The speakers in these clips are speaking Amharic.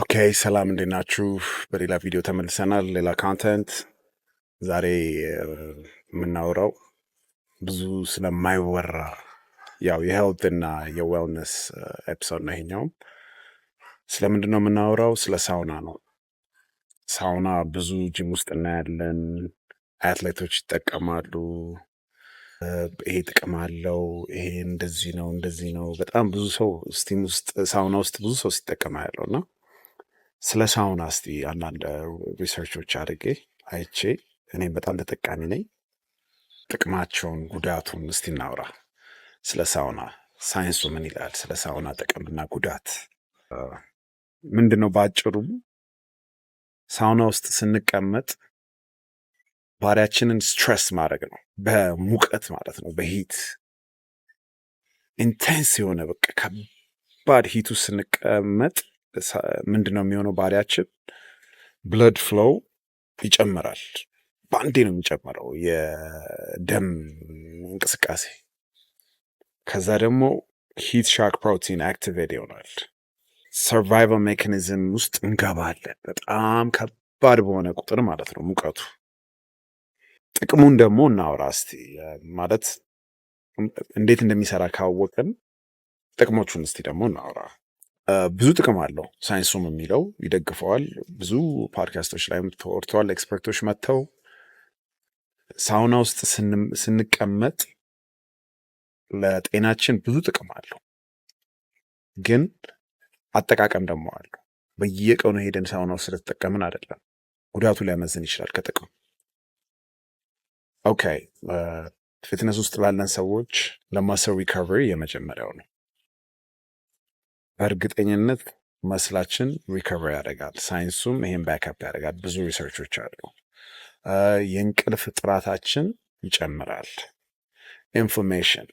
ኦኬ ሰላም እንዴት ናችሁ? በሌላ ቪዲዮ ተመልሰናል። ሌላ ካንተንት። ዛሬ የምናወራው ብዙ ስለማይወራ ያው የሄልት እና የዌልነስ ኤፒሶድ ነው ይሄኛውም። ስለምንድን ነው የምናውረው? ስለ ሳውና ነው። ሳውና ብዙ ጂም ውስጥ እናያለን፣ አትሌቶች ይጠቀማሉ። ይሄ ጥቅም አለው፣ ይሄ እንደዚህ ነው፣ እንደዚህ ነው። በጣም ብዙ ሰው ስቲም ውስጥ ሳውና ውስጥ ብዙ ሰው ሲጠቀማ። ያለው እና ስለ ሳውና እስቲ አንዳንድ ሪሰርቾች አድርጌ አይቼ እኔም በጣም ተጠቃሚ ነኝ። ጥቅማቸውን፣ ጉዳቱን እስቲ እናውራ። ስለ ሳውና ሳይንሱ ምን ይላል? ስለ ሳውና ጥቅምና ጉዳት ምንድን ነው? በአጭሩ ሳውና ውስጥ ስንቀመጥ ባሪያችንን ስትረስ ማድረግ ነው፣ በሙቀት ማለት ነው። በሂት ኢንቴንስ የሆነ በቃ ከባድ ሂቱ ስንቀመጥ ምንድን ነው የሚሆነው? ባሪያችን ብለድ ፍሎው ይጨምራል። በአንዴ ነው የሚጨምረው የደም እንቅስቃሴ። ከዛ ደግሞ ሂት ሻክ ፕሮቲን አክቲቬት ይሆናል። ሰርቫይቫል ሜካኒዝም ውስጥ እንገባለን። በጣም ከባድ በሆነ ቁጥር ማለት ነው ሙቀቱ። ጥቅሙን ደግሞ እናውራ እስቲ ማለት እንዴት እንደሚሰራ ካወቅን ጥቅሞቹን እስቲ ደግሞ እናውራ። ብዙ ጥቅም አለው። ሳይንሱም የሚለው ይደግፈዋል። ብዙ ፖድካስቶች ላይ ተወርተዋል። ኤክስፐርቶች መጥተው ሳውና ውስጥ ስንቀመጥ ለጤናችን ብዙ ጥቅም አለው፣ ግን አጠቃቀም ደግሞ አለው። በየቀኑ ሄደን ሳውና ውስጥ ስለተጠቀምን አይደለም፣ ጉዳቱ ሊያመዝን ይችላል ከጥቅም። ኦኬ ፊትነስ ውስጥ ላለን ሰዎች ለማሰል ሪካቨሪ የመጀመሪያው ነው። በእርግጠኝነት መስላችን ሪከቨር ያደርጋል። ሳይንሱም ይሄን ባክፕ ያደርጋል። ብዙ ሪሰርቾች አሉ። የእንቅልፍ ጥራታችን ይጨምራል። ኢንፍላሜሽን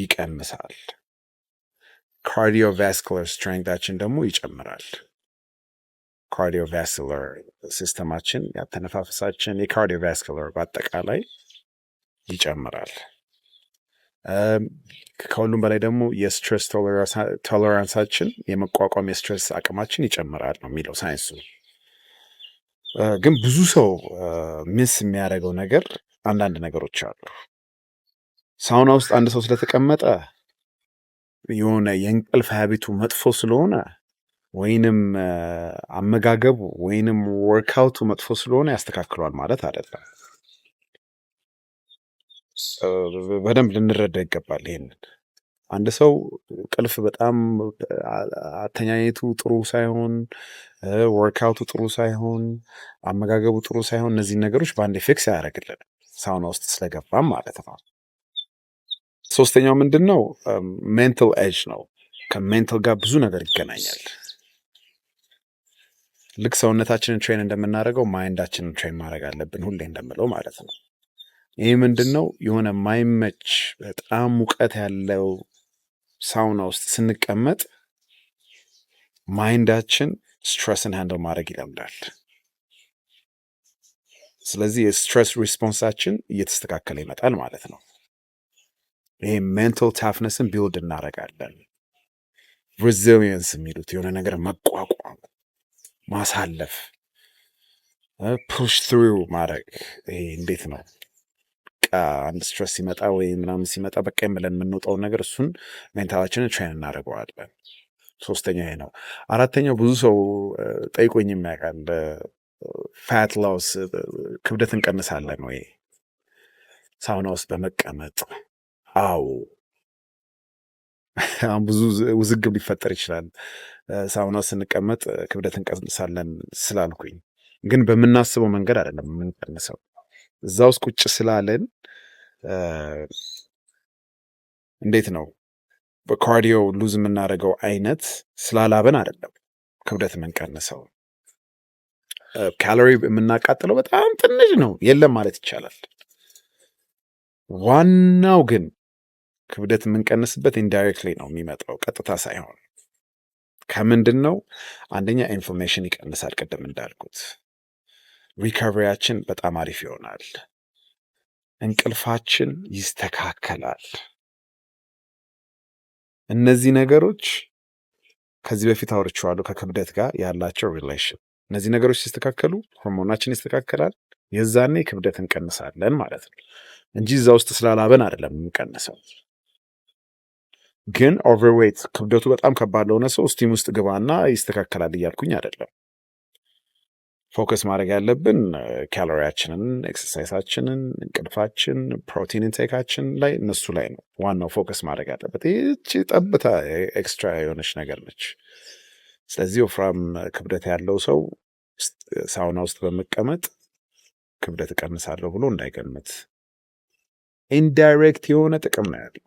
ይቀንሳል። ካርዲዮቫስኩላር ስትሬንግታችን ደግሞ ይጨምራል። ካርዲዮቫስኩላር ሲስተማችን ያተነፋፈሳችን፣ የካርዲዮቫስኩላር በአጠቃላይ ይጨምራል። ከሁሉም በላይ ደግሞ የስትረስ ቶለራንሳችን የመቋቋም የስትረስ አቅማችን ይጨምራል ነው የሚለው ሳይንሱ። ግን ብዙ ሰው ሚስ የሚያደርገው ነገር አንዳንድ ነገሮች አሉ። ሳውና ውስጥ አንድ ሰው ስለተቀመጠ የሆነ የእንቅልፍ ሀቢቱ መጥፎ ስለሆነ ወይንም አመጋገቡ ወይንም ወርክአውቱ መጥፎ ስለሆነ ያስተካክሏል ማለት አይደለም። በደንብ ልንረዳ ይገባል። ይሄንን አንድ ሰው ቅልፍ በጣም አተኛኘቱ ጥሩ ሳይሆን፣ ወርክአውቱ ጥሩ ሳይሆን፣ አመጋገቡ ጥሩ ሳይሆን እነዚህን ነገሮች በአንድ ፌክስ አያደርግልንም ሳውና ውስጥ ስለገባም ማለት ነው። ሶስተኛው ምንድን ነው? ሜንታል ኤጅ ነው። ከሜንታል ጋር ብዙ ነገር ይገናኛል። ልክ ሰውነታችንን ትሬን እንደምናደርገው ማይንዳችንን ትሬን ማድረግ አለብን፣ ሁሌ እንደምለው ማለት ነው። ይህ ምንድን ነው የሆነ ማይመች በጣም ሙቀት ያለው ሳውና ውስጥ ስንቀመጥ ማይንዳችን ስትረስን ሃንድል ማድረግ ይለምዳል። ስለዚህ የስትረስ ሪስፖንሳችን እየተስተካከለ ይመጣል ማለት ነው። ይሄ ሜንታል ታፍነስን ቢውልድ እናደርጋለን። ሬዚሊየንስ የሚሉት የሆነ ነገር መቋቋም፣ ማሳለፍ፣ ፑሽ ትሩ ማድረግ ይሄ እንዴት ነው በቃ አንድ ስትረስ ሲመጣ ወይ ምናምን ሲመጣ በቃ የምለን የምንውጠው ነገር እሱን ሜንታላችንን ትሬን እናደርገዋለን። ሶስተኛ ይሄ ነው። አራተኛው ብዙ ሰው ጠይቆኝ የሚያውቃል ፋት ላውስ ክብደት እንቀንሳለን ወይ ሳውና ውስጥ በመቀመጥ? አዎ አሁን ብዙ ውዝግብ ሊፈጠር ይችላል። ሳውና ስንቀመጥ ክብደት እንቀንሳለን ስላልኩኝ፣ ግን በምናስበው መንገድ አይደለም የምንቀንሰው። እዛ ውስጥ ቁጭ ስላለን እንዴት ነው በካርዲዮ ሉዝ የምናደርገው አይነት ስላላበን አይደለም። ክብደት የምንቀንሰው ካሎሪ የምናቃጥለው በጣም ትንሽ ነው፣ የለም ማለት ይቻላል። ዋናው ግን ክብደት የምንቀንስበት ኢንዳይሬክትሊ ነው የሚመጣው፣ ቀጥታ ሳይሆን ከምንድን ነው? አንደኛ ኢንፎርሜሽን ይቀንሳል፣ ቅድም እንዳልኩት ሪካቨሪያችን በጣም አሪፍ ይሆናል። እንቅልፋችን ይስተካከላል። እነዚህ ነገሮች ከዚህ በፊት አውርቼዋለሁ ከክብደት ጋር ያላቸው ሪሌሽን። እነዚህ ነገሮች ሲስተካከሉ ሆርሞናችን ይስተካከላል። የዛኔ ክብደት እንቀንሳለን ማለት ነው እንጂ እዛ ውስጥ ስላላበን አይደለም የምንቀንሰው። ግን ኦቨርዌይት ክብደቱ በጣም ከባድ ለሆነ ሰው ስቲም ውስጥ ግባና ይስተካከላል እያልኩኝ አይደለም። ፎከስ ማድረግ ያለብን ካሎሪያችንን፣ ኤክሰርሳይሳችንን፣ እንቅልፋችን፣ ፕሮቲን ኢንቴካችን ላይ እነሱ ላይ ነው ዋናው ፎከስ ማድረግ ያለበት። ይህቺ ጠብታ ኤክስትራ የሆነች ነገር ነች። ስለዚህ ወፍራም ክብደት ያለው ሰው ሳውና ውስጥ በመቀመጥ ክብደት እቀንሳለሁ ብሎ እንዳይገምት፣ ኢንዳይሬክት የሆነ ጥቅም ነው ያለው።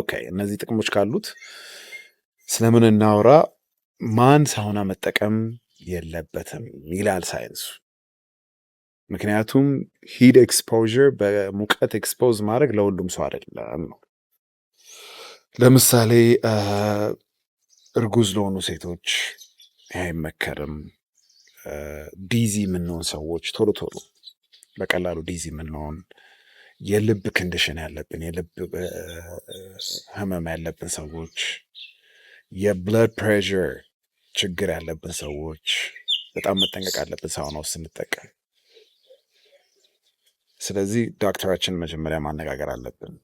ኦኬ፣ እነዚህ ጥቅሞች ካሉት ስለምን እናውራ? ማን ሳውና መጠቀም የለበትም ይላል ሳይንሱ። ምክንያቱም ሂድ ኤክስፖር በሙቀት ኤክስፖዝ ማድረግ ለሁሉም ሰው አይደለም ነው። ለምሳሌ እርጉዝ ለሆኑ ሴቶች አይመከርም። ዲዚ የምንሆን ሰዎች ቶሎ ቶሎ በቀላሉ ዲዚ የምንሆን የልብ ክንድሽን ያለብን የልብ ህመም ያለብን ሰዎች የብለድ ፕሬር ችግር ያለብን ሰዎች በጣም መጠንቀቅ አለብን ሳውና ውስጥ ስንጠቀም። ስለዚህ ዶክተራችን መጀመሪያ ማነጋገር አለብን።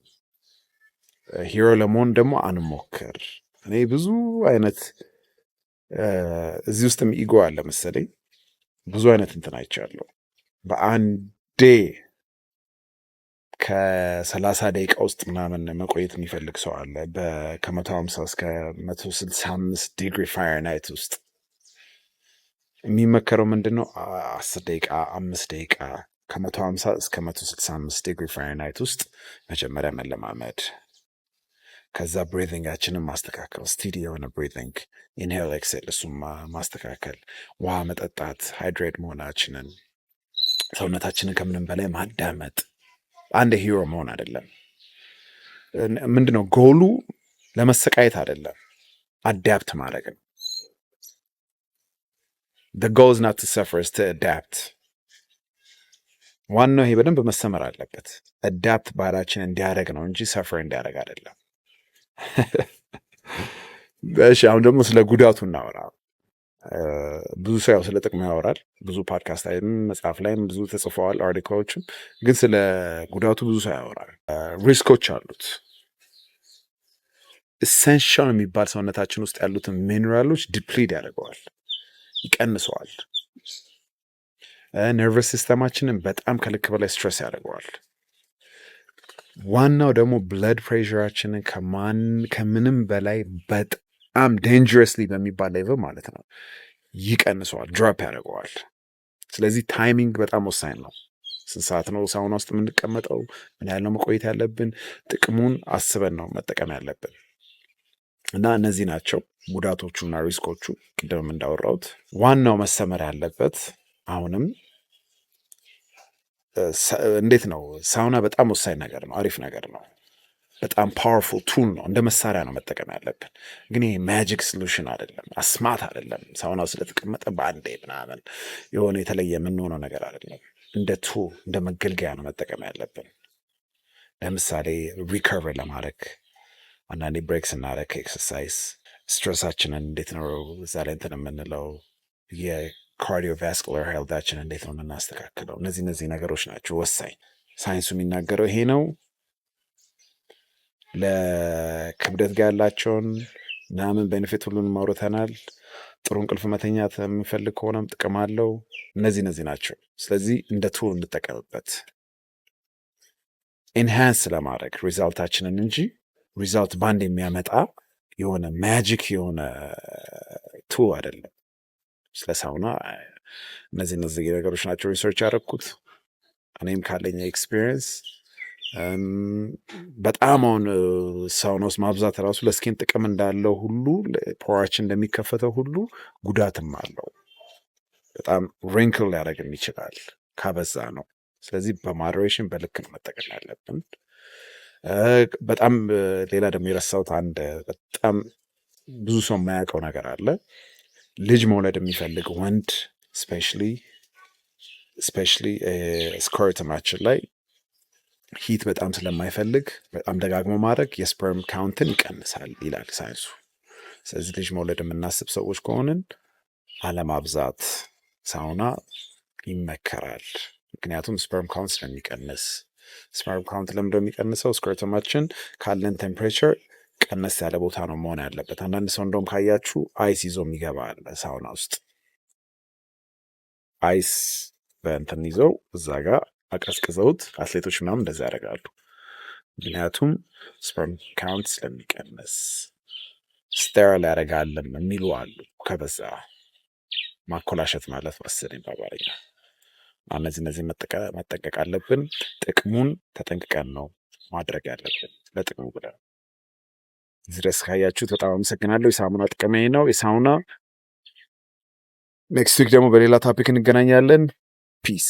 ሂሮ ለመሆን ደግሞ አንሞክር። እኔ ብዙ አይነት እዚህ ውስጥም ኢጎ አለ መሰለኝ ብዙ አይነት እንትን አይቻለሁ በአንዴ ከሰላሳ ደቂቃ ውስጥ ምናምን መቆየት የሚፈልግ ሰው አለ። ከመቶ ሀምሳ እስከ መቶ ስልሳ አምስት ዲግሪ ፋረንሃይት ውስጥ የሚመከረው ምንድን ነው? አስር ደቂቃ አምስት ደቂቃ ከመቶ ሀምሳ እስከ መቶ ስልሳ አምስት ዲግሪ ፋረንሃይት ውስጥ መጀመሪያ መለማመድ፣ ከዛ ብሬዚንጋችንን ማስተካከል፣ ስቲዲ የሆነ ብሬዚንግ ኢንሄል ኤክሴል፣ እሱማ ማስተካከል፣ ውሃ መጠጣት፣ ሃይድሬት መሆናችንን፣ ሰውነታችንን ከምንም በላይ ማዳመጥ አንድ ሂሮ መሆን አይደለም። ምንድነው ጎሉ? ለመሰቃየት አይደለም፣ አዳፕት ማድረግ ነው። ጎል ኢዝ ናት ቱ ሰፈር ኢዝ ቱ አዳፕት። ዋናው ይሄ በደንብ መሰመር አለበት። አዳፕት ባህላችን እንዲያደርግ ነው እንጂ ሰፈር እንዲያደርግ አይደለም። እሺ አሁን ደግሞ ስለ ጉዳቱ እናወራ። ብዙ ሰው ያው ስለ ጥቅሙ ያወራል። ብዙ ፖድካስት ላይም መጽሐፍ ላይም ብዙ ተጽፈዋል፣ አርቲክሎችም ግን ስለ ጉዳቱ ብዙ ሰው ያወራል። ሪስኮች አሉት። ኢሰንሻል የሚባል ሰውነታችን ውስጥ ያሉትን ሚኔራሎች ዲፕሊድ ያደርገዋል፣ ይቀንሰዋል። ነርቨስ ሲስተማችንን በጣም ከልክ በላይ ስትረስ ያደርገዋል። ዋናው ደግሞ ብለድ ፕሬሽራችንን ከማን ከምንም በላይ በጣም ዴንጀረስሊ በሚባል ሌቭል ማለት ነው ይቀንሰዋል፣ ድሮፕ ያደርገዋል። ስለዚህ ታይሚንግ በጣም ወሳኝ ነው። ስንት ሰዓት ነው ሳውና ውስጥ የምንቀመጠው? ምን ያህል ነው መቆየት ያለብን? ጥቅሙን አስበን ነው መጠቀም ያለብን። እና እነዚህ ናቸው ጉዳቶቹና ሪስኮቹ። ቅድም እንዳወራሁት ዋናው መሰመር ያለበት አሁንም እንዴት ነው ሳውና በጣም ወሳኝ ነገር ነው፣ አሪፍ ነገር ነው። በጣም ፓወርፉል ቱል ነው። እንደ መሳሪያ ነው መጠቀም ያለብን። ግን ይሄ ማጂክ ሶሉሽን አይደለም፣ አስማት አይደለም። ሳውናው ስለተቀመጠ በአንዴ ምናምን የሆነ የተለየ የምንሆነው ነገር አይደለም። እንደ ቱ እንደ መገልገያ ነው መጠቀም ያለብን። ለምሳሌ ሪከቨር ለማድረግ አንዳንዴ ብሬክስ እናደረግ ኤክሰርሳይዝ ስትረሳችንን እንዴት ነው እዛ ላይ እንትን የምንለው የካርዲዮቫስኩላር ሄልታችንን እንዴት ነው የምናስተካክለው? እነዚህ እነዚህ ነገሮች ናቸው ወሳኝ። ሳይንሱ የሚናገረው ይሄ ነው። ለክብደት ጋር ያላቸውን ምናምን ቤኔፊት ሁሉንም አውርተናል። ጥሩ እንቅልፍ መተኛት የሚፈልግ ከሆነም ጥቅም አለው። እነዚህ እነዚህ ናቸው። ስለዚህ እንደ ቱል እንጠቀምበት፣ ኢንሃንስ ለማድረግ ሪዛልታችንን እንጂ ሪዛልት ባንድ የሚያመጣ የሆነ ማጂክ የሆነ ቱ አይደለም። ስለ ሳውና እነዚህ እነዚህ ነገሮች ናቸው ሪሰርች ያደረግኩት እኔም ካለኝ ኤክስፒሪየንስ በጣም አሁን ሳውና ማብዛት ራሱ ለስኪን ጥቅም እንዳለው ሁሉ ፖራችን እንደሚከፈተው ሁሉ ጉዳትም አለው። በጣም ሪንክል ሊያደርግም ይችላል ካበዛ ነው። ስለዚህ በማድሬሽን በልክ ነው መጠቀም ያለብን። በጣም ሌላ ደግሞ የረሳሁት አንድ በጣም ብዙ ሰው የማያውቀው ነገር አለ። ልጅ መውለድ የሚፈልግ ወንድ ስፔሻሊ ስኮርትማችን ላይ ሂት በጣም ስለማይፈልግ በጣም ደጋግሞ ማድረግ የስፐርም ካውንትን ይቀንሳል ይላል ሳይንሱ። ስለዚህ ልጅ መውለድ የምናስብ ሰዎች ከሆንን አለማብዛት ሳውና ይመከራል። ምክንያቱም ስፐርም ካውንት ስለሚቀንስ። ስፐርም ካውንት ለምደ የሚቀንሰው ስኮርተማችን ካለን ቴምፕሬቸር ቀነስ ያለ ቦታ ነው መሆን ያለበት። አንዳንድ ሰው እንደውም ካያችሁ አይስ ይዞ የሚገባ አለ ሳውና ውስጥ አይስ በእንትን ይዘው እዛ ጋር አቀዝቅዘውት አትሌቶች ምናምን እንደዚ ያደርጋሉ። ምክንያቱም ስፐርም ካውንት ስለሚቀንስ ስተራል ያደርጋለም የሚሉ አሉ። ከበዛ ማኮላሸት ማለት መሰለኝ በአማርኛ እነዚህ እነዚህ መጠንቀቅ አለብን። ጥቅሙን ተጠንቅቀን ነው ማድረግ ያለብን ለጥቅሙ ብለን። እዚህ ድረስ ካያችሁት በጣም አመሰግናለሁ። የሳሙና ጥቅሜ ነው የሳሙና ኔክስት ዊክ ደግሞ በሌላ ታፒክ እንገናኛለን። ፒስ